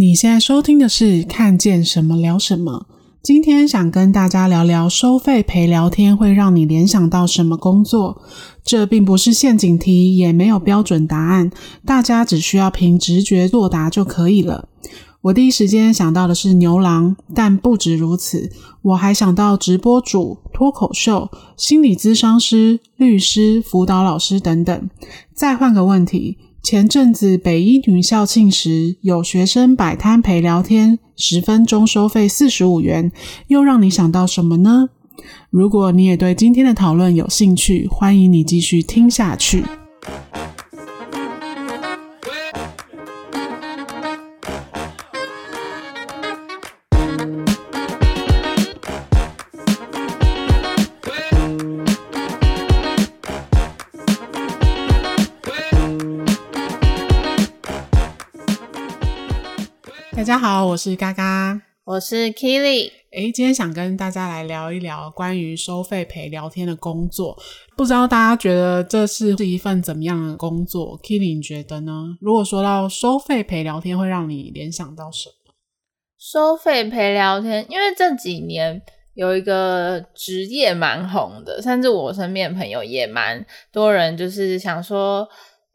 你現在收聽的是《看見什麼聊什麼》。今天想跟大家聊聊，收費陪聊天會讓你聯想到什麼工作？這並不是陷阱題，也沒有標準答案，大家只需要憑直覺作答就可以了。我第一時間想到的是牛郎，但不止如此，我還想到直播主、脫口秀、心理諮商師、律師、輔導老師等等。再換個問題。前陣子北一女校慶時，有學生擺攤陪聊天，十分鐘收費四十五元，又讓你想到什麼呢？如果你也對今天的討論有興趣，歡迎你繼續聽下去。大家好，我是嘎嘎，我是 Killy。哎，今天想跟大家來聊一聊關於收費陪聊天的工作。不知道大家覺得這是是一份怎麼樣的工作。Killy，你覺得呢？如果說到收費陪聊天，會讓你聯想到什麼？收費陪聊天，因為這幾年有一個職業蠻紅的，甚至我身邊的朋友也蠻多人，就是想說。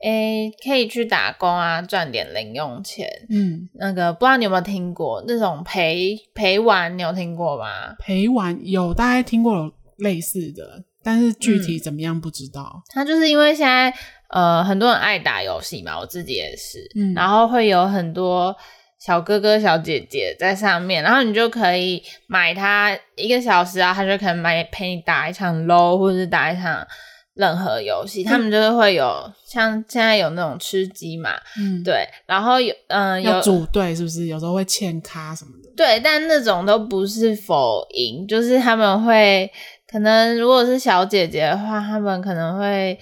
哎、欸，可以去打工啊，賺點零用錢。嗯，那個不知道你有沒有聽過那種陪陪玩，你有聽過嗎？陪玩有，大概聽過類似的，但是具體怎麼樣不知道。他、嗯、就是因為現在呃，很多人愛打遊戲嘛，我自己也是。嗯，然後會有很多小哥哥小姐姐在上面，然後你就可以買他一個小時啊，他就可能買陪你打一場 LOL 或者是打一場。任何遊戲，他們就是會有、嗯、像現在有那種吃雞嘛，嗯，對，然後有嗯、呃、有要組隊是不是？有時候會欠咖什麼的。對，但那種都不是否贏，就是他們會可能如果是小姐姐的話，他們可能會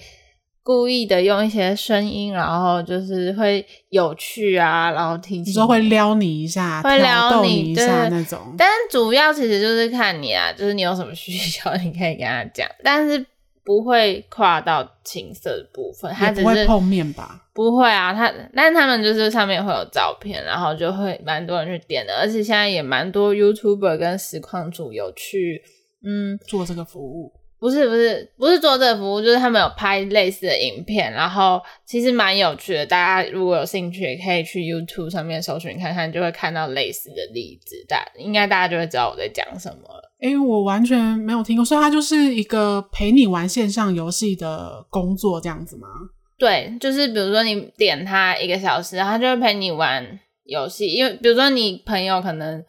故意的用一些聲音，然後就是會有趣啊，然後聽你說會撩你一下，會撩你，你一下的那種。但主要其實就是看你啊，就是你有什麼需求，你可以跟他講，但是。不會跨到情色的部分，他只是不會碰面吧？不會啊，他但他們就是上面會有照片，然後就會蠻多人去點的，而且現在也蠻多 YouTuber 跟實況主有去嗯、做這個服務，不是不是不是做這個服務，就是他們有拍類似的影片，然後其實蠻有趣的，大家如果有興趣也可以去 YouTube 上面搜尋看看，就會看到類似的例子，大應該大家就會知道我在講什麼了。哎，我完全沒有聽過，所以他就是一個陪你玩線上遊戲的工作，這樣子嗎？對，就是比如說你點他一個小時，他就會陪你玩遊戲。因為比如說你朋友可能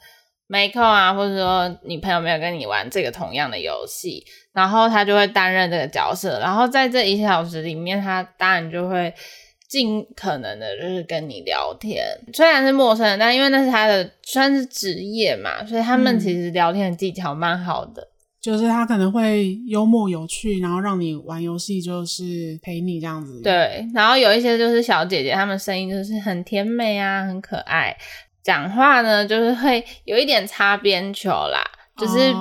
沒空啊，或者說你朋友沒有跟你玩這個同樣的遊戲，然後他就會擔任這個角色。然後在這一小時裡面，他當然就會。盡可能的就是跟你聊天，雖然是陌生人，但因為那是他的算是職業嘛，所以他們、嗯、其實聊天的技巧蠻好的，就是他可能會幽默有趣，然後讓你玩遊戲，就是陪你這樣子。對，然後有一些就是小姐姐，她們聲音就是很甜美啊，很可愛，講話呢就是會有一點擦邊球啦，嗯、就是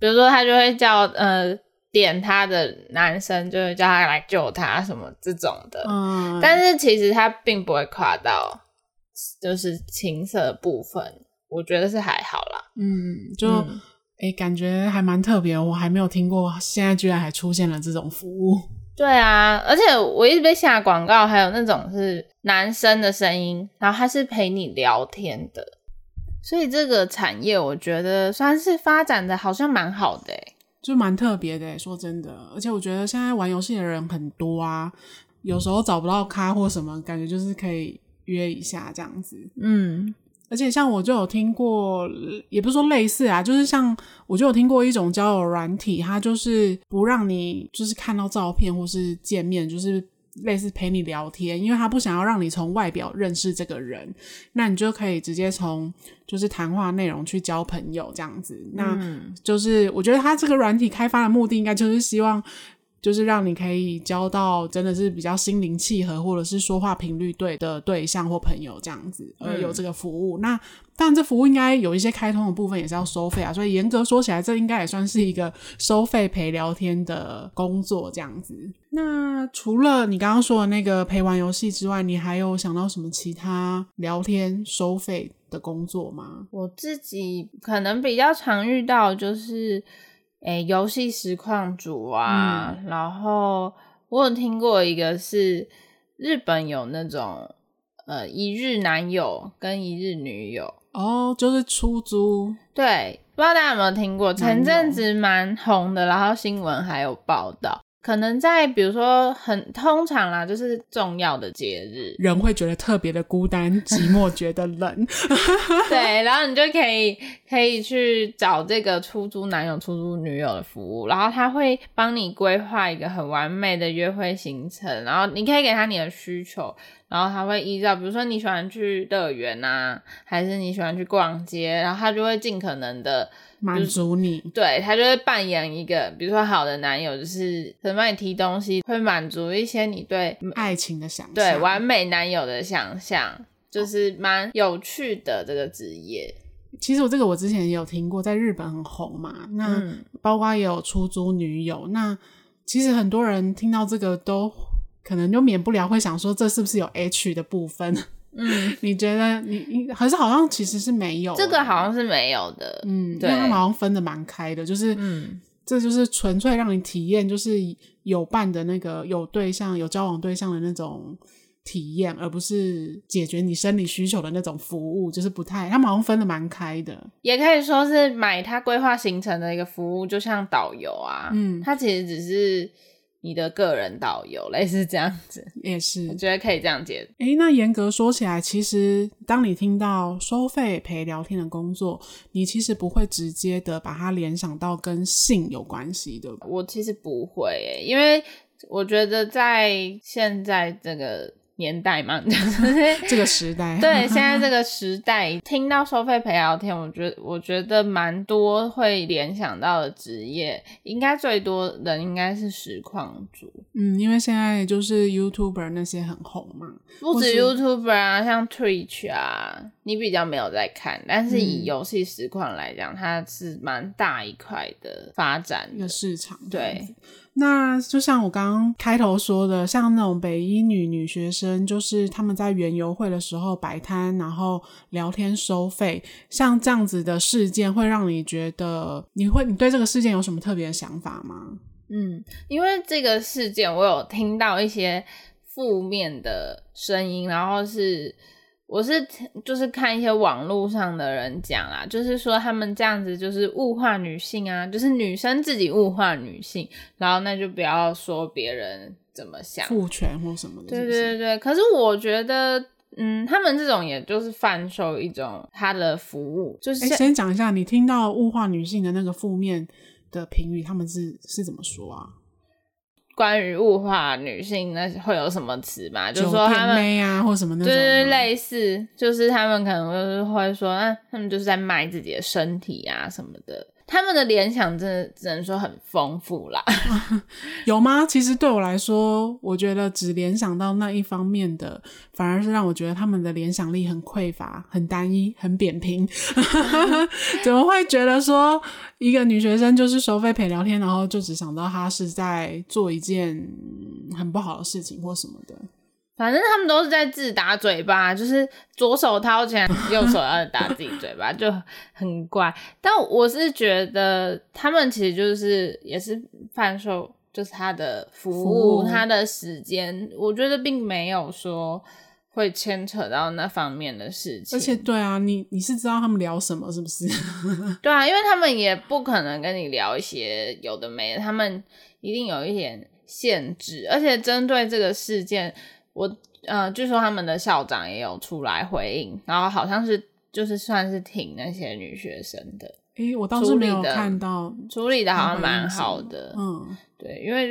比如說他就會叫，呃。點他的男生就是叫他來救他什麼這種的，嗯、但是其實他並不會跨到就是情色的部分，我覺得是還好啦。嗯，就誒、嗯欸，感覺還蠻特別，我還沒有聽過，現在居然還出現了這種服務。對啊，而且我一直被下廣告，還有那種是男生的聲音，然後他是陪你聊天的，所以這個產業我覺得算是發展的好像蠻好的，欸就蠻特別的欸，說真的，而且我覺得現在玩遊戲的人很多啊，有時候找不到咖或什麼，感覺就是可以約一下這樣子。嗯，而且像我就有聽過，也不是說類似啊，就是像我就有聽過一種交友軟體，它就是不讓你就是看到照片或是見面，就是。類似陪你聊天，因為他不想要讓你從外表認識這個人，那你就可以直接從就是談話內容去交朋友這樣子。那就是我覺得他這個軟體開發的目的應該就是希望。就是讓你可以交到真的是比較心靈契合，或者是說話頻率對的對象或朋友這樣子，而有這個服務。嗯、那當然，但這服務應該有一些開通的部分也是要收費啊。所以嚴格說起來，這應該也算是一個收費陪聊天的工作這樣子。那除了你剛剛說的那個陪玩遊戲之外，你還有想到什麼其他聊天收費的工作嗎？我自己可能比較常遇到就是。誒，遊戲、欸、實況主啊，嗯、然後我有聽過一個是日本有那種呃一日男友跟一日女友哦，就是出租，對，不知道大家有沒有聽過？前陣子蠻紅的，然後新聞還有報道。可能在比如說很通常啦，就是重要的節日，人會覺得特別的孤單、寂寞，覺得冷。 對，然後你就可以可以去找這個出租男友、出租女友的服務，然後他會幫你規劃一個很完美的約會行程，然後你可以給他你的需求，然後他會依照，比如說你喜歡去樂園啊，還是你喜歡去逛街，然後他就會盡可能的。滿足你，對，他就是扮演一個，比如說好的男友，就是能幫你提東西，會滿足一些你對愛情的想像，對完美男友的想象，就是蠻有趣的這個職業。哦。其實我這個我之前也有聽過，在日本很紅嘛。那包括也有出租女友，嗯。那其實很多人聽到這個都可能就免不了會想說，這是不是有 H 的部分？ 嗯，你覺得你你還是好像其實是沒有這個，好像是沒有的。嗯，對，因為他好像分的蠻開的，就是嗯，這就是純粹讓你體驗，就是有伴的那個有對象、有交往對象的那種體驗，而不是解決你生理需求的那種服務，就是不太，他好像分的蠻開的。也可以說是買他規劃行程的一個服務，就像導遊啊，嗯，他其實只是。你的個人導遊類似這樣子，也是，我覺得可以這樣解。哎、欸，那嚴格說起來，其實當你聽到收費陪聊天的工作，你其實不會直接的把它聯想到跟性有關係的，對吧？我其實不會、欸，因為我覺得在現在這個。年代嘛？就是、 這個時代，對，現在這個時代， 聽到收費陪聊天，我覺得我覺得蠻多會聯想到的職業，應該最多人應該是實況主。嗯，因為現在也就是 YouTuber 那些很紅嘛，不止 YouTuber 啊，是像 Twitch 啊，你比較沒有在看，但是以遊戲實況來講，嗯、它是蠻大一塊的發展的市場。對。那就像我剛剛開頭說的，像那種北一女女學生，就是他們在園遊會的時候擺攤，然後聊天收費，像這樣子的事件，會讓你覺得你會你對這個事件有什麼特別的想法嗎？嗯，因為這個事件，我有聽到一些負面的聲音，然後是。我是就是看一些網絡上的人講啦，就是說他們這樣子就是物化女性啊，就是女生自己物化女性，然後那就不要說別人怎麼想，父權或什麼的是不是？對對對，可是我覺得，嗯，他們這種也就是販售一種他的服務，就是、欸、先講一下，你聽到物化女性的那個負面的評語，他們是是怎麼說啊？關於物化女性，那會有什麼詞吧？就說她們啊，就是陪玩或什麼那種，對對，類似，就是他們可能就是會說，啊，他們就是在賣自己的身體啊什麼的。他們的聯想真的只能說很豐富啦，有嗎？其實對我來說，我覺得只聯想到那一方面的，反而是讓我覺得他們的聯想力很匱乏、很單一、很扁平。 怎麼會覺得說一個女學生就是收費陪聊天，然後就只想到她是在做一件很不好的事情或什麼的？反正他們都是在自打嘴巴，就是左手掏錢，右手要打自己嘴巴， 就很怪。但我是覺得他們其實就是也是販售，就是他的服務，服務他的時間，我覺得並沒有說會牽扯到那方面的事情。而且，對啊，你你是知道他們聊什麼是不是？ 對啊，因為他們也不可能跟你聊一些有的沒的，他們一定有一點限制。而且針對這個事件。我呃，據說他們的校長也有出來回應，然後好像是就是算是挺那些女學生的，哎，我當時沒有看到處理的，處理的好像蠻好的，嗯，對，因為，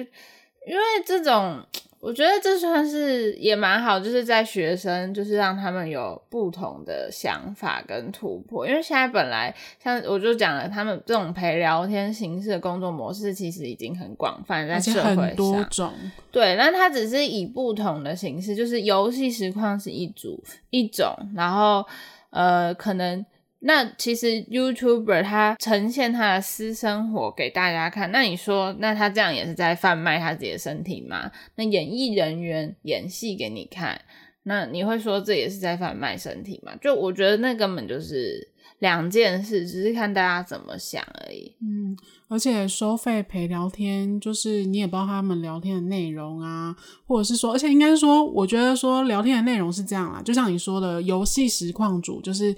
因為這種。我覺得這算是也蠻好，就是在學生，就是讓他們有不同的想法跟突破。因為現在本來像我就講了，他們這種陪聊天形式的工作模式其實已經很廣泛，在社會上，很多種。對，那他只是以不同的形式，就是遊戲實況是一組，一種，然後呃，可能。那其實 YouTuber 他呈現他的私生活給大家看，那你說，那他這樣也是在販賣他自己的身體嗎？那演藝人員演戲給你看，那你會說這也是在販賣身體嗎？就我覺得那根本就是兩件事，只是看大家怎麼想而已。嗯，而且收費陪聊天，就是你也不知道他們聊天的內容啊，或者是說，而且應該說，我覺得說聊天的內容是這樣啊，就像你說的遊戲實況主就是。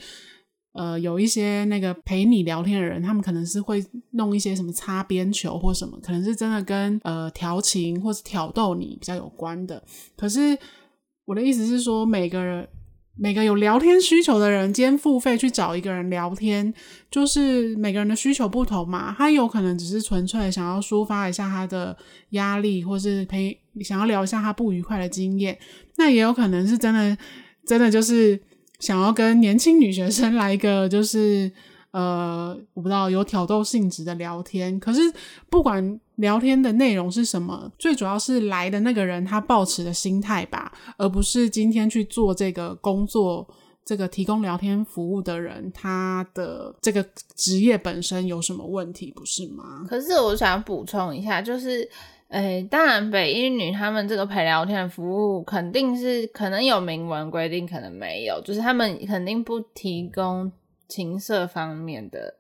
呃，有一些那個陪你聊天的人，他們可能是會弄一些什麼擦邊球或什麼，可能是真的跟呃調情或者挑逗你比較有關的。可是我的意思是說，每個人每個有聊天需求的人，今天付費去找一個人聊天，就是每個人的需求不同嘛。他有可能只是純粹想要抒發一下他的壓力，或是陪想要聊一下他不愉快的經驗。那也有可能是真的，真的就是。想要跟年輕女學生來一個就是，呃，我不知道有挑逗性質的聊天。可是不管聊天的內容是什麼，最主要是來的那個人他抱持的心態吧，而不是今天去做這個工作、這個提供聊天服務的人，他的這個職業本身有什麼問題，不是嗎？可是我想補充一下，就是。哎、欸，當然，北一女他們這個陪聊天服務肯定是可能有明文規定，可能沒有，就是他們肯定不提供情色方面的。嗯呃、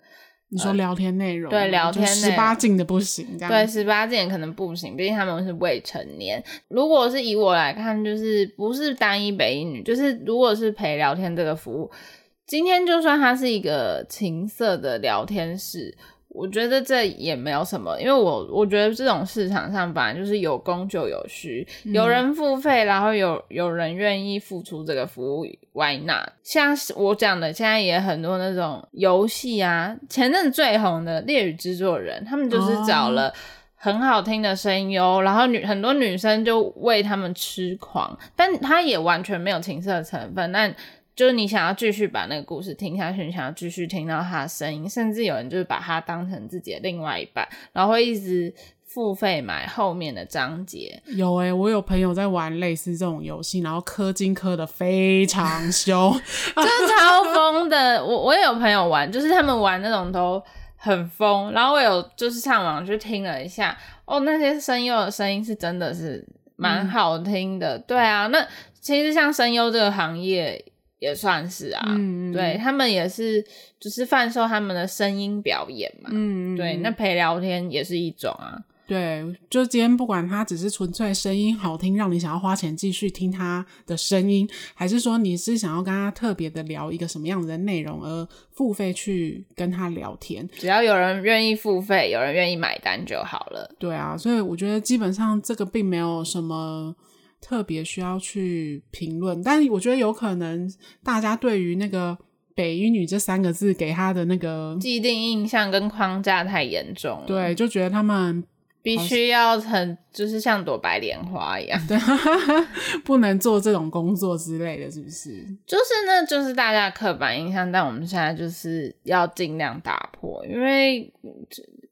你說聊天內容？對，聊天內容。十八禁的不行這樣子，對，十八禁也可能不行，畢竟他們是未成年。如果是以我來看，就是不是單一北一女，就是如果是陪聊天這個服務，今天就算它是一個情色的聊天室。我覺得這也沒有什麼，因為我我覺得這種市場上反正就是有供就有需，嗯、有人付費，然後有有人願意付出這個服務，Why not？像我講的，現在也很多那種遊戲啊，前陣最紅的《戀與制作人》，他們就是找了很好聽的聲優，哦、然後女很多女生就為他們痴狂，但他也完全沒有情色成分，但。就是你想要繼續把那個故事聽下去，你想要繼續聽到他的聲音，甚至有人就是把它當成自己的另外一半，然後會一直付費買後面的章節。有誒、欸、我有朋友在玩類似這種遊戲，然後氪金氪的非常兇，就超瘋的。我我也有朋友玩，就是他們玩那種都很瘋。然後我有就是上網去聽了一下，哦，那些聲優的聲音是真的是蠻好聽的。嗯、對啊，那其實像聲優這個行業。也算是啊，嗯，對，他們也是，就是販售他們的聲音表演嘛。嗯，對，那陪聊天也是一種啊。對，就今天不管他只是純粹聲音好聽，讓你想要花錢繼續聽他的聲音，還是說你是想要跟他特別的聊一個什麼樣子的內容而付費去跟他聊天？只要有人願意付費，有人願意買單就好了。對啊，所以我覺得基本上這個並沒有什麼。特別需要去評論，但我覺得有可能大家對於那個“北英女”這三個字給她的那個既定印象跟框架太嚴重，對，就覺得她們必須要很就是像朵白蓮花一樣，對 不能做這種工作之類的是不是？就是那，就是大家刻板印象，但我們現在就是要盡量打破，因為。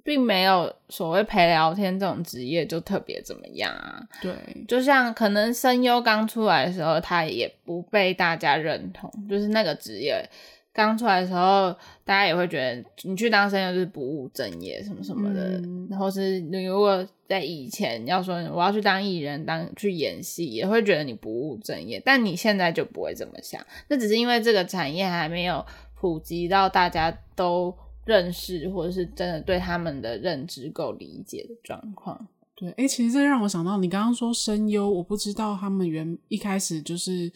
並沒有所謂陪聊天這種職業就特別怎麼樣啊？對，就像可能聲優剛出來的時候，他也不被大家認同，就是那個職業剛出來的時候，大家也會覺得你去當聲優是不務正業什麼什麼的。然後、嗯、是你如果在以前要說我要去當藝人當去演戲，也會覺得你不務正業。但你現在就不會這麼想，那只是因為這個產業還沒有普及到大家都。認識或者是真的對他們的認知夠理解的狀況。對，哎、欸，其實這讓我想到，你剛剛說聲優，我不知道他們原一開始就是，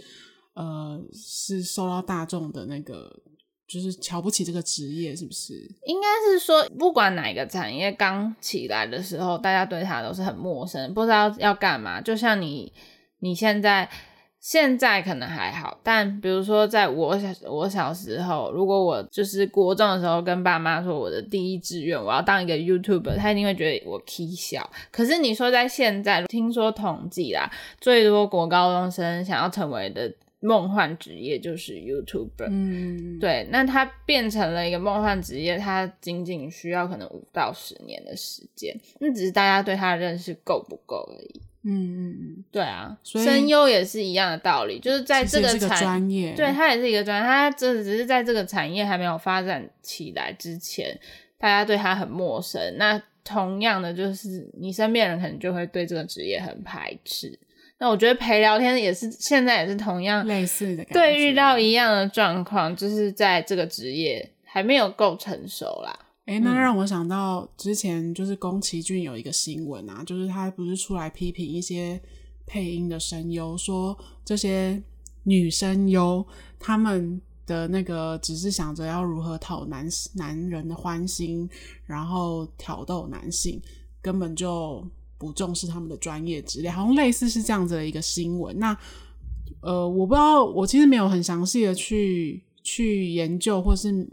呃，是受到大眾的那個就是瞧不起這個職業，是不是？應該是說，不管哪個產業剛起來的時候，大家對他都是很陌生，不知道要幹嘛。就像你，你現在。現在可能還好，但比如說在我小我小時候，如果我就是國中的時候跟爸媽說我的第一志願我要當一個 YouTuber，他一定會覺得我 Key 小。可是你說在現在，聽說統計啦，最多國高中生想要成為的夢幻職業就是 YouTuber，嗯，對，那它變成了一個夢幻職業，它僅僅需要可能五到十年的時間，那只是大家對它的認識夠不夠而已。嗯嗯嗯，對啊，聲優以也是一樣的道理，就是在這個產業，對，它也是一個專業，它這只是在這個產業還沒有發展起來之前，大家對它很陌生。那同樣的，就是你身邊人可能就會對這個職業很排斥。那我覺得陪聊天也是，現在也是同樣類似的，對，遇到一樣的狀況，就是在這個職業還沒有夠成熟啦。哎、欸，那讓我想到之前就是宮崎駿有一個新聞啊，就是他不是出來批評一些配音的聲優，說這些女聲優他們的那個只是想着要如何討男男人的歡心，然後挑逗男性，根本就不重視他們的專業質量，好像類似是這樣子的一個新聞。那呃，我不知道，我其實沒有很詳細的去去研究，或是。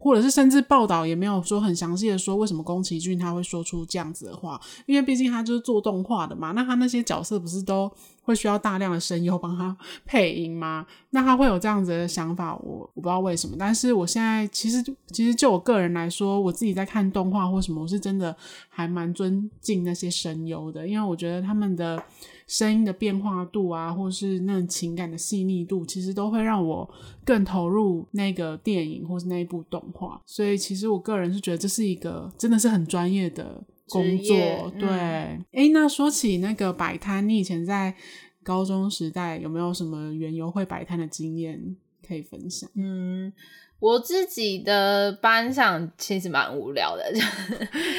或者是甚至報道也沒有說很詳細的說為什麼宮崎駿他會說出這樣子的話，因為畢竟他就是做動畫的嘛，那他那些角色不是都會需要大量的聲優幫他配音嗎？那他會有這樣子的想法，我我不知道為什麼。但是我現在其實其實就我個人來說，我自己在看動畫或什麼，我是真的還蠻尊敬那些聲優的，因為我覺得他們的。聲音的變化度啊，或是那種情感的細膩度，其實都會讓我更投入那個電影或是那一部動畫。所以，其實我個人是覺得這是一個真的是很專業的工作。職業，對，哎、嗯，那說起那個擺攤，你以前在高中時代有沒有什麼緣由會擺攤的經驗可以分享？嗯。我自己的班上其實蠻無聊的，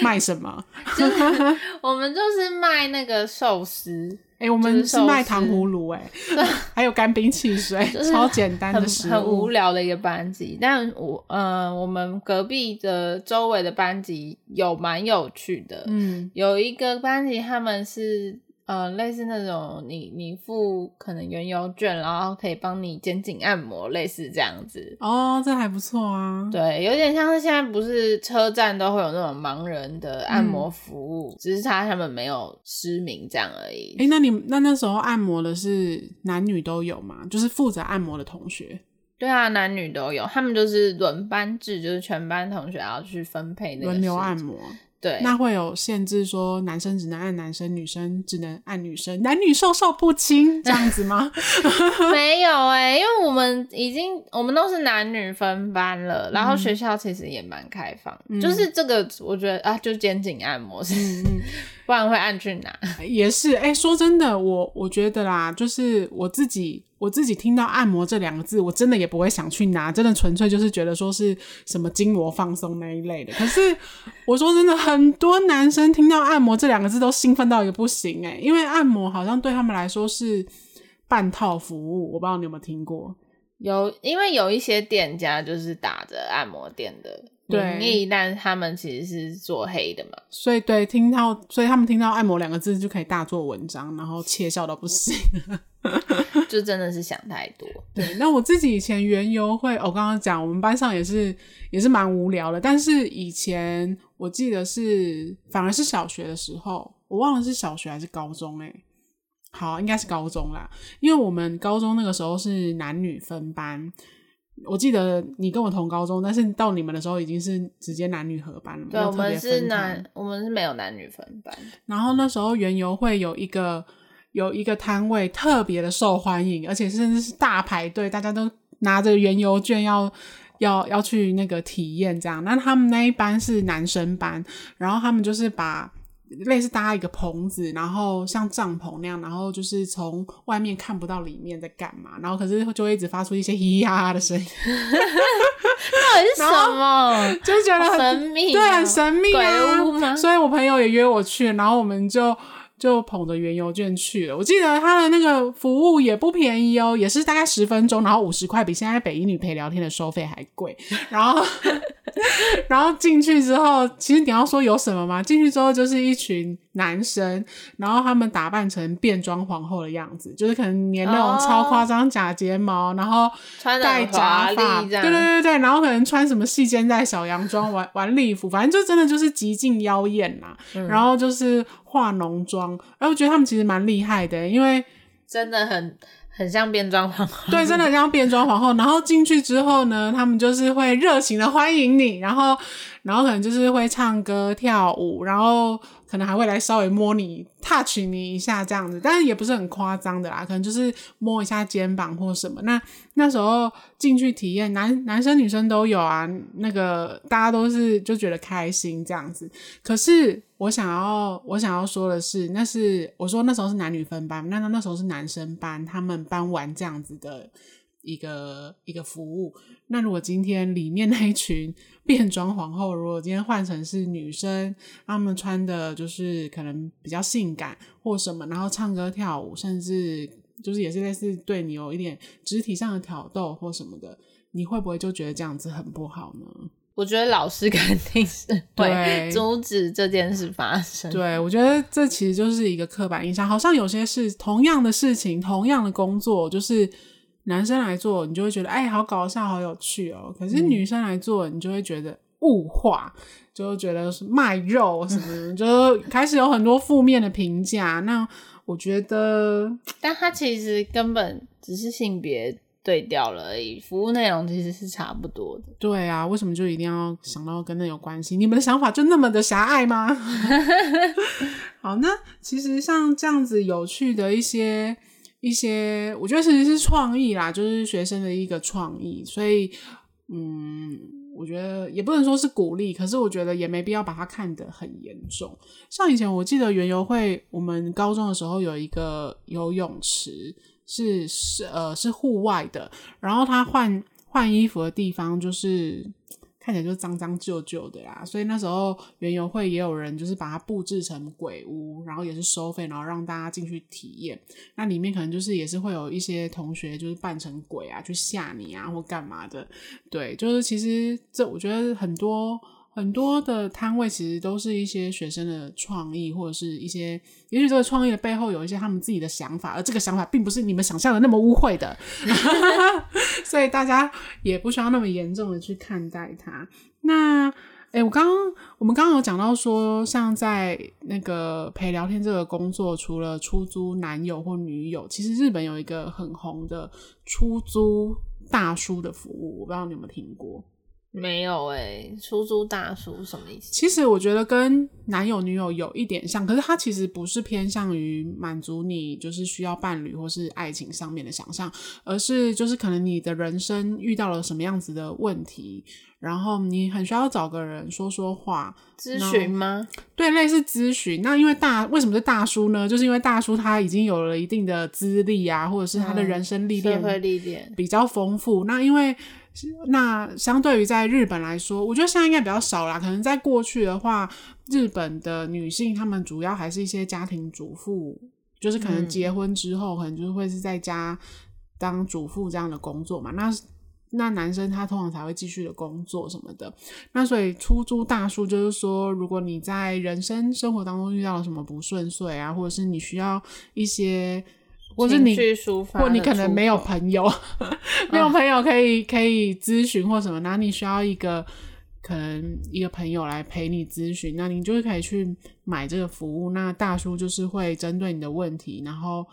賣什麼？ 就是我們就是賣那個壽司，哎、欸，我們是賣糖葫蘆、欸，哎對，還有乾冰汽水， 就是很超簡單的食物。很無聊的一個班級。但我，嗯、呃，我們隔壁、的周圍的班級有蠻有趣的，嗯，有一個班級他們是。呃，類似那種你你付可能原油券，然後可以幫你肩頸按摩，類似這樣子。哦，這還不錯啊。對，有點像是現在不是車站都會有那種盲人的按摩服務，嗯、只是他他們沒有失明這樣而已。哎、欸，那你那那時候按摩的是男女都有嗎？就是負責按摩的同學？對啊，男女都有，他們就是輪班制，就是全班同學要去分配輪流按摩。對，那會有限制，說男生只能按男生，女生只能按女生，男女授受不親這樣子嗎？ 沒有誒、欸、因為我們已經我們都是男女分班了，嗯、然後學校其實也蠻開放，嗯、就是這個我覺得啊，就肩頸按摩是，嗯、不然會按去哪？也是誒、欸、說真的，我我覺得啦，就是我自己。我自己聽到按摩這兩個字，我真的也不會想去拿，真的純粹就是覺得說是什麼筋膜放鬆那一類的。可是我說真的，很多男生聽到按摩這兩個字都興奮到一個不行誒，因為按摩好像對他們來說是半套服務，我不知道你有沒有聽過？有，因為有一些店家就是打着按摩店的。對，因為一旦他們其實是做黑的嘛。所以對，聽到所以他們聽到“按摩”兩個字就可以大做文章，然後竊笑到不行。 就真的是想太多。對，那我自己以前園遊會，我剛剛講我們班上也是也是蠻無聊的，但是以前我記得是反而是小學的時候，我忘了是小學還是高中哎、欸。好，應該是高中啦，因為我們高中那個時候是男女分班。我記得你跟我同高中，但是到你們的時候已經是直接男女合班了。對，我們是男，我們是沒有男女分班。然後那時候園遊會有一個有一個攤位特別的受歡迎，而且甚至是大排隊，大家都拿着園遊券要要要去那個體驗這樣。那他們那一班是男生班，然後他們就是把。類似搭一個棚子，然後像帳篷那樣，然後就是從外面看不到裡面在幹嘛，然後可是就會一直發出一些咿呀呀的聲音，那很爽哦，到底是什麼？就覺得很神秘，啊，對，很神秘啊，所以我朋友也約我去，然後我們就。就捧着園遊券去了，我記得他的那個服務也不便宜哦，也是大概十分鐘，然後五十塊，比現在北醫女陪聊天的收費還貴。然後， 然後進去之後，其實你要說有什麼嗎？進去之後就是一群。男生，然後他們打扮成變裝皇後的樣子，就是可能粘那種超誇張假睫毛，哦、然後戴假髮，這樣。對對對對，然後可能穿什麼細肩帶小洋裝玩、晚晚 禮服，反正就真的就是極盡妖艷吶、啊。嗯、然後就是化濃妝，然後我覺得他們其實蠻厲害的，因為真的很很像變裝皇後，對，真的很像變裝皇後。然後進去之後呢，他們就是會熱情的歡迎你，然後然後可能就是會唱歌跳舞，然後。可能還會來稍微摸你，touch 你一下這樣子，但是也不是很誇張的啦，可能就是摸一下肩膀或什麼。那那時候進去體驗，男男生女生都有啊，那個大家都是就覺得開心這樣子。可是我想要我想要說的是，那是我說那時候是男女分班，那那那時候是男生班，他們班玩這樣子的。一個一個服務。那如果今天裡面那一群變裝皇後，如果今天換成是女生，她們穿的就是可能比較性感或什麼，然後唱歌跳舞，甚至就是也是類似對你有一點肢體上的挑逗或什麼的，你會不會就覺得這樣子很不好呢？我覺得老師肯定是會對阻止這件事發生。對，我覺得這其實就是一個刻板印象，好像有些是同樣的事情，同樣的工作，就是。男生來做，你就會覺得哎，好搞笑，好有趣哦。可是女生來做，嗯，你就會覺得物化，就覺得是賣肉什麼， 就開始有很多負面的評價。那我覺得，但他其實根本只是性別對調了而已，服務內容其實是差不多的。對啊，為什麼就一定要想到跟那有關係？你們的想法就那麼的狹隘嗎？ 好，那其實像這樣子有趣的一些。一些我覺得其實是創意啦，就是學生的一個創意，所以嗯，我覺得也不能說是鼓勵，可是我覺得也沒必要把它看得很嚴重。像以前我記得園遊會，我們高中的時候有一個游泳池是，是呃是戶外的，然後他換換衣服的地方就是。看起來就髒髒舊舊的呀，所以那時候園遊會也有人就是把它布置成鬼屋，然後也是收費，然後讓大家進去體驗。那裡面可能就是也是會有一些同學就是扮成鬼啊，去嚇你啊，或幹嘛的。對，就是其實這我覺得很多很多的攤位其實都是一些學生的創意，或者是一些也許這個創意的背後有一些他們自己的想法，而這個想法並不是你們想象的那麼污穢的。 所以大家也不需要那麼嚴重的去看待它。那，誒，我剛我們剛剛有講到說，像在那個陪聊天這個工作，除了出租男友或女友，其實日本有一個很紅的出租大叔的服務，我不知道你有沒有聽過。沒有誒、欸，出租大叔什麼意思？其實我覺得跟男友女友有一點像，可是他其實不是偏向於滿足你就是需要伴侶或是愛情上面的想象，而是就是可能你的人生遇到了什麼樣子的問題，然後你很需要找個人說說話，諮詢嗎？對，類似諮詢。那因為大為什麼是大叔呢？就是因為大叔他已經有了一定的資歷啊，或者是他的人生歷練、經驗比較豐富。嗯、那因為。那相對於在日本來說，我覺得現在應該比較少啦。可能在過去的話，日本的女性她們主要還是一些家庭主婦，就是可能結婚之後，嗯、可能就會是在家當主婦這樣的工作嘛。那那男生他通常才會繼續的工作什麼的。那所以出租大叔就是說，如果你在人生生活當中遇到了什麼不順遂啊，或者是你需要一些。或是你，或你可能沒有朋友，哦、 沒有朋友可以可以諮詢或什麼，那你需要一個可能一個朋友來陪你諮詢，那你就是可以去買這個服務，那大叔就是會針對你的問題，然後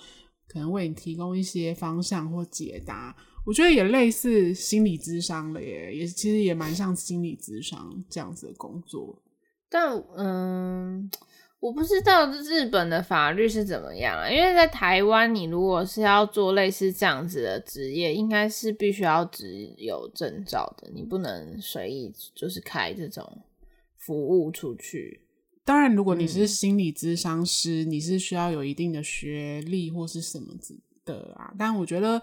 可能為你提供一些方向或解答。我覺得也類似心理諮商了耶，也其實也蠻像心理諮商這樣子的工作。但，嗯。我不知道日本的法律是怎麼樣啊，因為在台灣，你如果是要做類似這樣子的職業，應該是必須要持有證照的，你不能隨意就是開這種服務出去。當然，如果你是心理諮商師，嗯、你是需要有一定的學歷或是什麼的啊。但我覺得。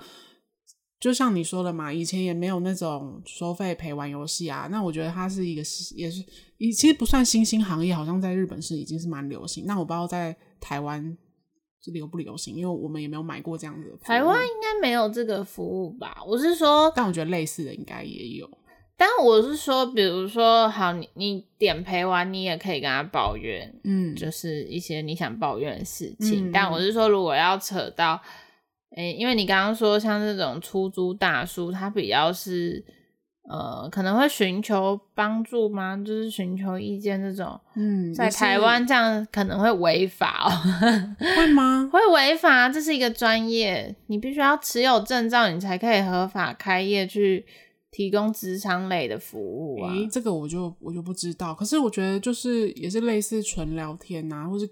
就像你說的嘛，以前也沒有那種收費陪玩遊戲啊。那我覺得它是一個，也是，其實不算新興行業，好像在日本是已經是蠻流行。那我不知道在台灣是流不流行，因為我們也沒有買過這樣子的。的。台灣應該沒有這個服務吧？我是說，但我覺得類似的應該也有。但我是說，比如說，好，你點陪玩，你也可以跟他抱怨，嗯，就是一些你想抱怨的事情。嗯，但我是說，如果要扯到。哎、欸，因為你剛剛說像這種出租大叔，他比較是呃，可能會尋求幫助嗎？就是尋求意見這種。嗯，在台灣這樣可能會違法哦、喔。 會嗎？會違法，這是一個專業，你必須要持有證照，你才可以合法開業去提供職場類的服務啊。欸、這個我就我就不知道，可是我覺得就是也是類似純聊天吶、啊，或是。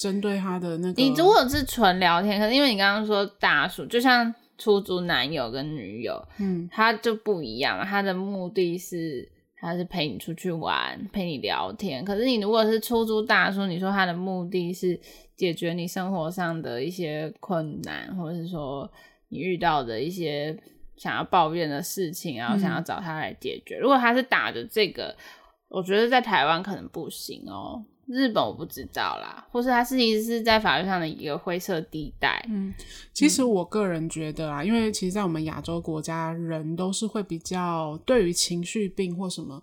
針對他的那個，你如果是純聊天，可是因為你剛剛說大叔，就像出租男友跟女友，嗯，他就不一樣，他的目的是他是陪你出去玩，陪你聊天。可是你如果是出租大叔，你說他的目的是解決你生活上的一些困難，或者是說你遇到的一些想要抱怨的事情，然後想要找他來解決。嗯，如果他是打着這個，我覺得在台灣可能不行哦。日本我不知道啦，或是它其實是在法律上的一個灰色地帶。嗯，其實我個人覺得啊，嗯、因為其實，在我們亞洲國家，人都是會比較對於情緒病或什麼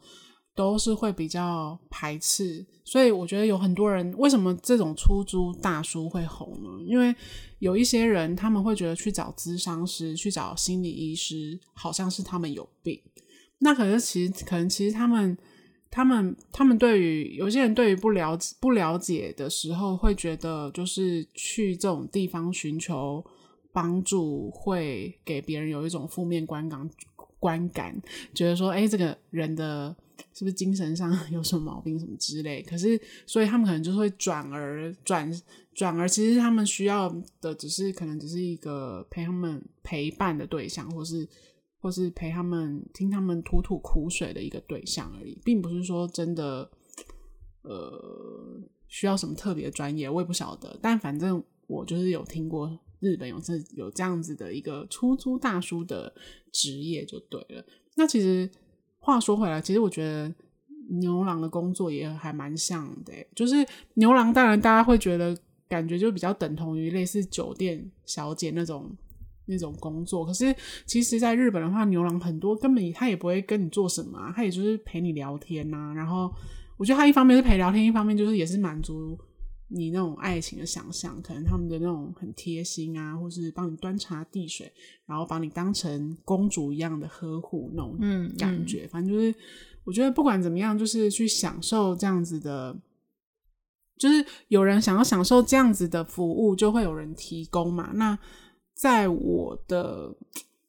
都是會比較排斥，所以我覺得有很多人為什麼這種出租大叔會紅呢？因為有一些人他們會覺得去找諮商師、去找心理醫師，好像是他們有病，那可是，其實可能其實他們。他們他們對於有些人對於不了解不了解的時候，會覺得就是去這種地方尋求幫助會給別人有一種負面觀感觀感，覺得說哎這個人的是不是精神上有什麼毛病什麼之類。可是所以他們可能就會轉而轉轉而，其實他們需要的只是可能只是一個陪他們陪伴的對象，或是。或是陪他們聽他們吐吐苦水的一個對象而已，並不是說真的，呃，需要什麼特別的專業，我也不曉得。但反正我就是有聽過日本有這有這樣子的一個出租大叔的職業就對了。那其實話說回來，其實我覺得牛郎的工作也還蠻像的，欸，就是牛郎當然大家會覺得感覺就比較等同於類似酒店小姐那種。那種工作，可是其實，在日本的話，牛郎很多，根本也他也不會跟你做什麼，啊，他也就是陪你聊天啊，然後，我覺得他一方面是陪聊天，一方面就是也是滿足你那種愛情的想象，可能他們的那種很貼心啊，或是幫你端茶遞水，然後把你當成公主一樣的呵護那種感覺。嗯，嗯。反正就是，我覺得不管怎麼樣，就是去享受這樣子的，就是有人想要享受這樣子的服務，就會有人提供嘛。那在我的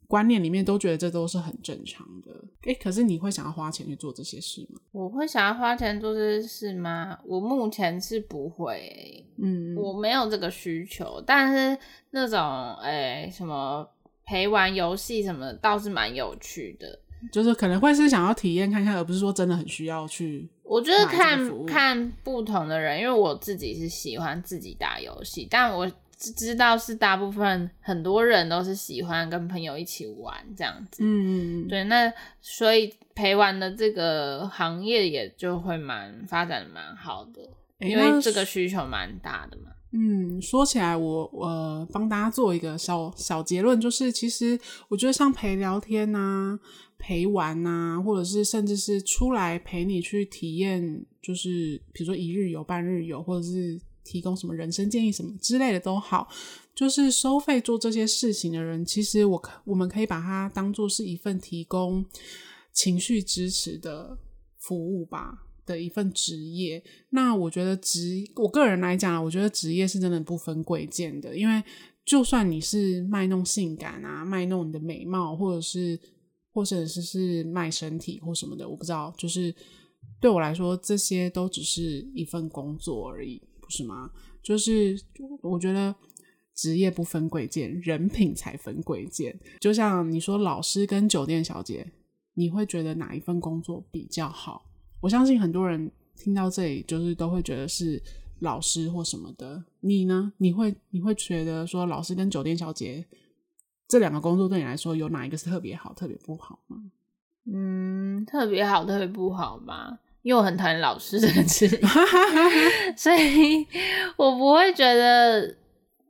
觀念裡面，都覺得這都是很正常的。哎、欸，可是你會想要花錢去做這些事嗎？我會想要花錢做這些事嗎？我目前是不會、欸，嗯，我沒有這個需求。但是那種，哎、欸，什麼陪玩遊戲什麼的，倒是蠻有趣的。就是可能會是想要體驗看看，而不是說真的很需要去。我就是看看不同的人，因為我自己是喜歡自己打遊戲，但我。知道是大部分很多人都是喜歡跟朋友一起玩這樣子，嗯，對，那所以陪玩的這個行業也就會蠻發展的蠻好的，欸、因為這個需求蠻大的嘛。嗯，說起來我，我呃，幫大家做一個小小結論，就是其實我覺得像陪聊天啊、陪玩啊，或者是甚至是出來陪你去體驗，就是比如說一日遊、半日遊，或者是。提供什麼人生建議什麼之類的都好，就是收費、做這些事情的人，其實我，我們可以把它當做是一份提供情緒支持的服務吧的一份職業。那我覺得職，我個人來講啊，我覺得職業是真的不分貴賤的。因為就算你是賣弄性感啊、賣弄你的美貌，或者是或者是是賣身體或什麼的，我不知道。就是對我來說，這些都只是一份工作而已。是嗎？就是我覺得職業不分貴賤，人品才分貴賤。就像你說，老師跟酒店小姐，你會覺得哪一份工作比較好？我相信很多人聽到這裡，就是都會覺得是老師或什麼的。你呢？你會你會覺得說，老師跟酒店小姐這兩個工作對你來說，有哪一個是特別好，特別不好嗎？嗯，特別好，特別不好吧。因為我很討厭老師這個詞。 所以我不會覺得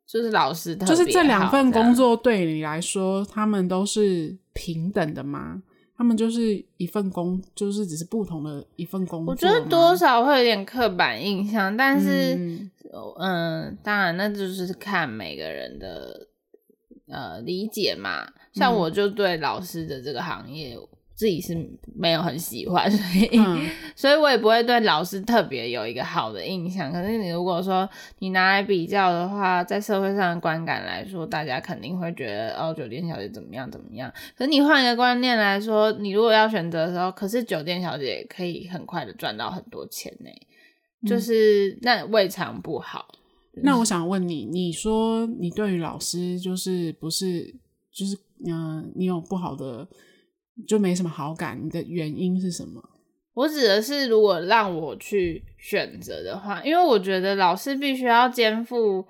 就是老師特別好。就是這兩份工作對你來說，他們都是平等的嗎？他們就是一份工，就是只是不同的一份工作。我覺得多少會有點刻板印象，但是嗯、呃，當然那就是看每個人的呃理解嘛。像我就對老師的這個行業，嗯自己是沒有很喜歡，所以、嗯、所以我也不會對老師特別有一個好的印象。可是你如果說你拿來比較的話，在社會上的觀感來說，大家肯定會覺得哦，酒店小姐怎麼樣怎麼樣。可是你換一個觀念來說，你如果要選擇的時候，可是酒店小姐可以很快的賺到很多錢呢，就是那、嗯、未嘗不好。那我想問你，你說你對於老師就是不是就是嗯、呃，你有不好的？就沒什麼好感，你的原因是什麼？我指的是，如果讓我去選擇的話，因為我覺得老師必須要肩負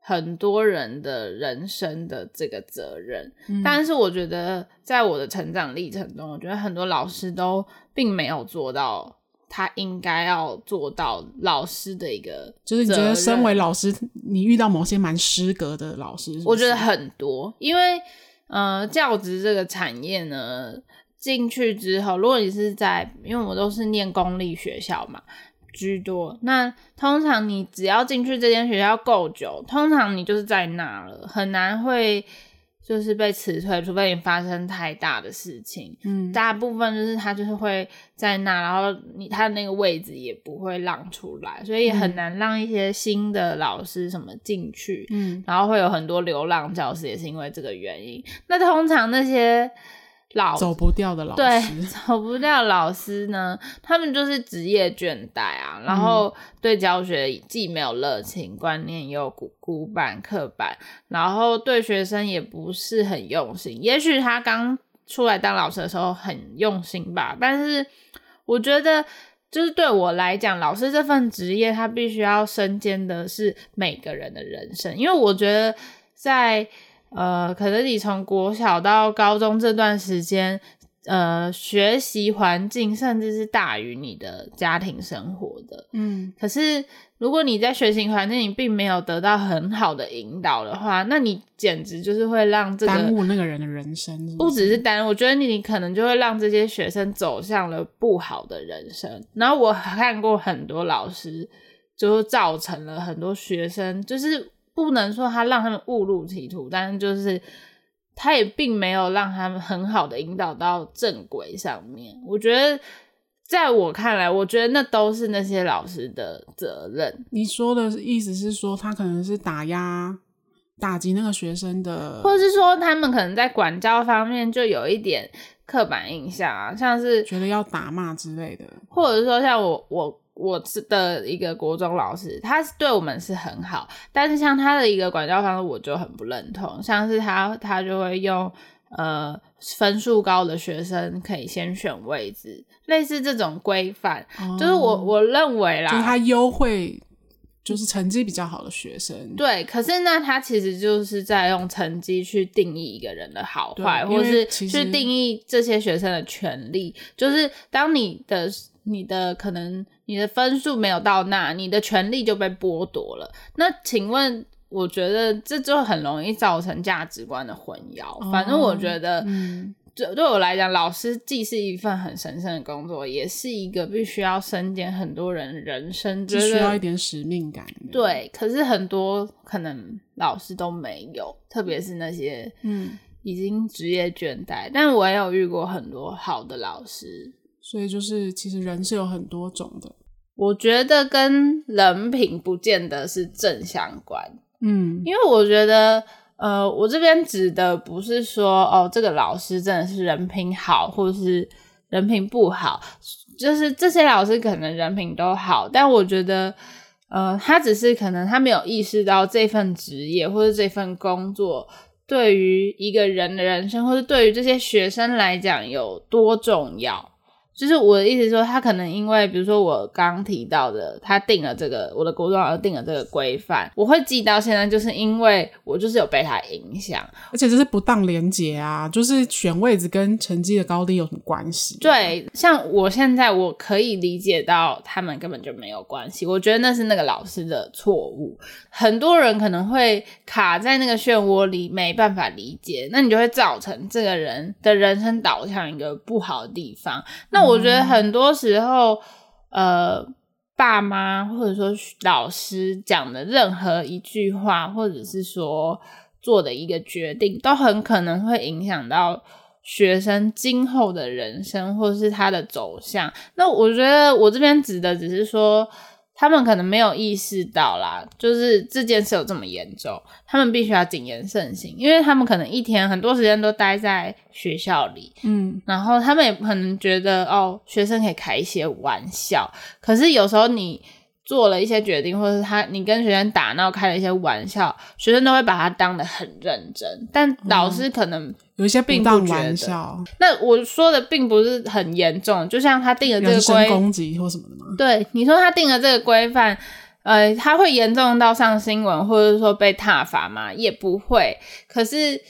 很多人的人生的這個責任。嗯，但是我覺得，在我的成長歷程中，我覺得很多老師都並沒有做到他應該要做到老師的一個，就是你覺得身為老師，你遇到某些蠻失格的老師，是不是？我覺得很多，因為呃，教職這個產業呢。進去之後，如果你是在，因為我都是念公立學校嘛，居多，那通常你只要進去這間學校夠久，通常你就是在那了，很難會就是被辭退，除非你發生太大的事情。嗯，大部分就是他就是會在那，然後你他的那個位置也不會讓出來，所以很難讓一些新的老師什麼進去。嗯，然後會有很多流浪教師也是因為這個原因。那通常那些。老走不掉的老師，對走不掉老師呢？他們就是職業倦怠啊，然後對教學既沒有熱情，嗯、觀念又古古板刻板，然後對學生也不是很用心。也許他剛出來當老師的時候很用心吧，但是我覺得，就是對我來講，老師這份職業，他必須要身兼的是每個人的人生，因為我覺得在。呃，可能你從國小到高中這段時間，呃，學習環境甚至是大於你的家庭生活的。嗯，可是如果你在學習環境，你並沒有得到很好的引導的話，那你簡直就是會讓這個耽誤那個人的人生是不是？不只是耽誤，我覺得你你可能就會讓這些學生走向了不好的人生。然後我看過很多老師，就造成了很多學生就是。不能說他讓他們誤入歧途，但是就是他也並沒有讓他們很好的引導到正軌上面。我覺得，在我看來，我覺得那都是那些老師的責任。你說的意思是說，他可能是打壓、打擊那個學生的，或者是說他們可能在管教方面就有一點刻板印象啊，像是覺得要打罵之類的，或者是說像我我。我的一個國中老師，他是對我們是很好，但是像他的一個管教方式，我就很不認同。像是他，他就會用呃分數高的學生可以先選位置，類似這種規範，哦，就是我我認為啦，就他優惠。就是成績比較好的學生，對，可是那他其實就是在用成績去定義一個人的好壞，或是去定義這些學生的權利。就是當你的你的可能你的分數沒有到那，你的權利就被剝奪了。那請問，我覺得這就很容易造成價值觀的混淆。哦、反正我覺得。嗯對，對我來講，老師既是一份很神聖的工作，也是一個必須要身兼很多人人生，只需要一點使命感有沒有。對，可是很多可能老師都沒有，特別是那些嗯，已經職業倦怠。但我也有遇過很多好的老師，所以就是其實人是有很多種的。我覺得跟人品不見得是正相關，嗯，因為我覺得。呃，我這邊指的不是說哦，這個老師真的是人品好，或是人品不好，就是這些老師可能人品都好，但我覺得，呃，他只是可能他沒有意識到這份職業或者這份工作對於一個人的人生，或者對於這些學生來講有多重要。就是我的意思是說，他可能因為，比如說我剛提到的，他定了這個我的國中老師定了這個規範，我會記到現在，就是因為我就是有被他影響，而且這是不當連結啊，就是選位置跟成績的高低有什麼關係？對，像我現在我可以理解到，他們根本就沒有關係，我覺得那是那個老師的錯誤。很多人可能會卡在那個漩渦裡，沒辦法理解，那你就會造成這個人的人生導向一個不好的地方。那、嗯那我覺得很多時候，呃，爸媽或者說老師講的任何一句話，或者是說做的一個決定，都很可能會影響到學生今後的人生，或者是他的走向。那我覺得我這邊指的只是說，他們可能沒有意識到啦，就是這件事有這麼嚴重，他們必須要謹言慎行，因為他們可能一天很多時間都待在學校裡，嗯，然後他們也可能覺得哦，學生可以開一些玩笑，可是有時候你。做了一些決定，或者是他你跟學生打鬧開了一些玩笑，學生都會把他當得很認真，但老師可能、嗯、有一些不當玩笑。那我說的並不是很嚴重，就像他定了這個規攻擊或什麼的嗎？對，你說他定了這個規範，呃，他會嚴重到上新聞，或者說被撻伐嗎？也不會。可是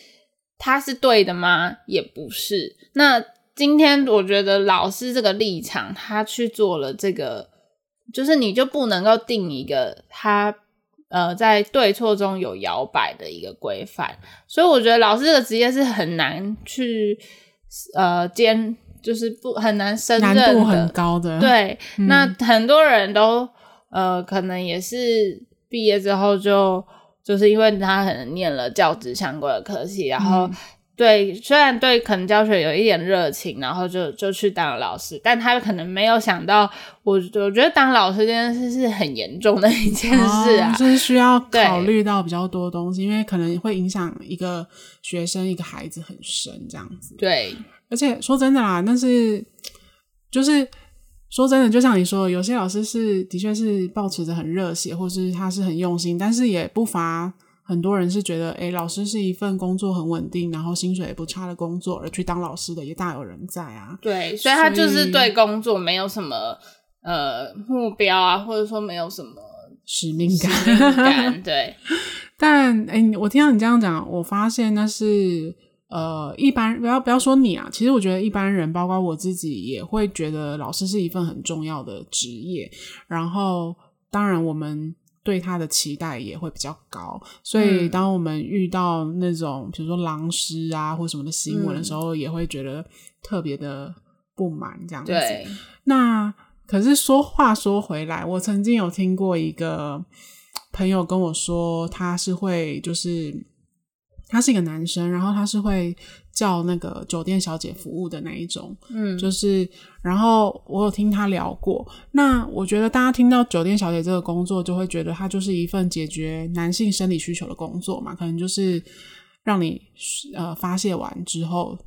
他是對的嗎？也不是。那今天我覺得老師這個立場，他去做了這個。就是你就不能夠定一個他呃在對錯中有搖擺的一個規範，所以我覺得老師的職業是很難去呃兼，就是不很難勝任的，難度很高的，對，嗯、那很多人都呃可能也是畢業之後就就是因為他可能念了教職相關的科系，然後。嗯對，雖然對可能教學有一點熱情，然後就就去當了老師，但他可能沒有想到，我我覺得當老師這件事是很嚴重的一件事啊，嗯就是需要考慮到比較多東西，對因為可能會影響一個學生、一個孩子很深這樣子。對，而且說真的啦，但是就是說真的，就像你說，有些老師是的確是抱持着很熱血，或是他是很用心，但是也不乏。很多人是覺得，誒、欸、老師是一份工作很穩定，然後薪水也不差的工作，而去當老師的也大有人在啊。對，所以，他，所以他就是對工作沒有什麼呃目標啊，或者說沒有什麼使命，使命感。對。 但誒、欸、我聽到你這樣講，我發現那是呃，一般不要不要說你啊，其實我覺得一般人，包括我自己，也會覺得老師是一份很重要的職業。然後，當然我們。對他的期待也會比較高，所以當我們遇到那種、嗯、比如說狼師啊或什麼的新聞的時候，嗯、也會覺得特別的不滿這樣子。對那可是說話說回來，我曾經有聽過一個朋友跟我說，他是會就是他是一個男生，然後他是會。叫那個酒店小姐服務的那一種，嗯，就是，然後我有聽他聊過。那我覺得大家聽到酒店小姐這個工作，就會覺得她就是一份解決男性生理需求的工作嘛，可能就是讓你呃發洩完之後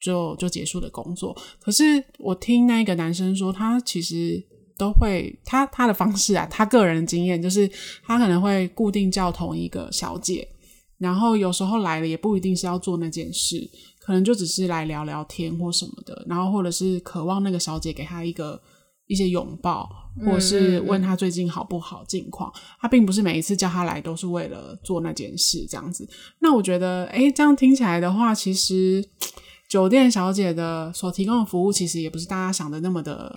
就就結束的工作。可是我聽那個男生說，他其實都會，他他的方式啊，他個人的經驗就是他可能會固定叫同一個小姐，然後有時候來了也不一定是要做那件事。可能就只是來聊聊天或什麼的，然後或者是渴望那個小姐給他一個一些擁抱，或者是問他最近好不好、近況。他並不是每一次叫他來都是為了做那件事這樣子。那我覺得，哎、欸，這樣聽起來的話，其實酒店小姐的所提供的服務，其實也不是大家想的那麼的。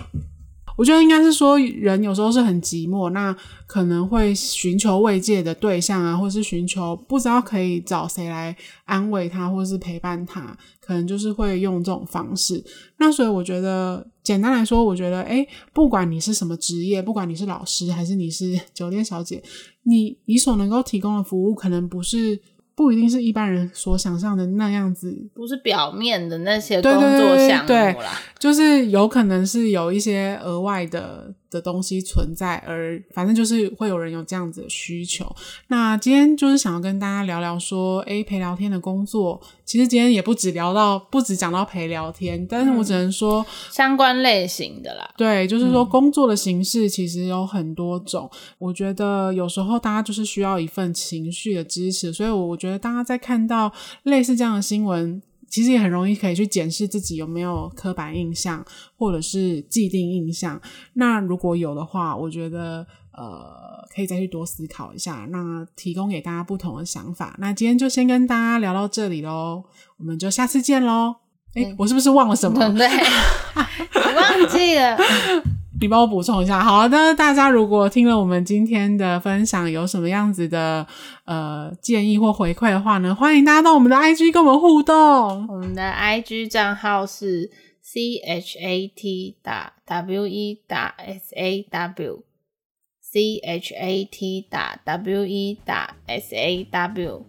我覺得應該是說，人有時候是很寂寞，那可能會尋求慰藉的對象啊，或者是尋求不知道可以找誰來安慰他，或者是陪伴他，可能就是會用這種方式。那所以我覺得，簡單來說，我覺得，欸，不管你是什麼職業，不管你是老師還是你是酒店小姐，你你所能夠提供的服務，可能不是。不一定是一般人所想象的那樣子，不是表面的那些工作項目啦，對對對對，就是有可能是有一些額外的。的東西存在，而反正就是會有人有這樣子的需求。那今天就是想要跟大家聊聊說，誒、欸，陪聊天的工作，其實今天也不只聊到，不只講到陪聊天，但是我只能說、嗯、相關類型的啦。對，就是說工作的形式其實有很多種。嗯、我覺得有時候大家就是需要一份情緒的支持，所以我我覺得大家在看到類似這樣的新聞。其實也很容易可以去檢視自己有沒有刻板印象，或者是既定印象。那如果有的話，我覺得呃可以再去多思考一下，那提供給大家不同的想法。那今天就先跟大家聊到這裡嘍，我們就下次見嘍哎、欸，我是不是忘了什麼？嗯、 對，我忘記了。 你幫我補充一下，好的，大家如果聽了我們今天的分享，有什麼樣子的呃建議或回饋的話呢？歡迎大家到我們的 IG 跟我們互動，我們的 IG 賬號是 chat 打 we 打 saw，chat 打 we 打 saw。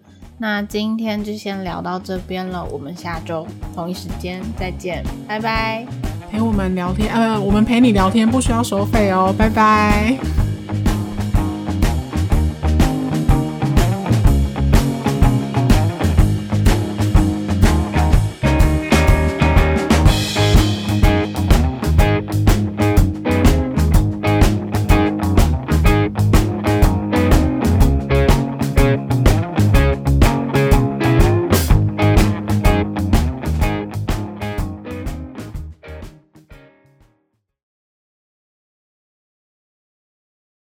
那今天就先聊到這邊了，我們下週同一時間再見，拜拜。陪、欸、我們聊天，呃，我們陪你聊天不需要收費哦，拜拜。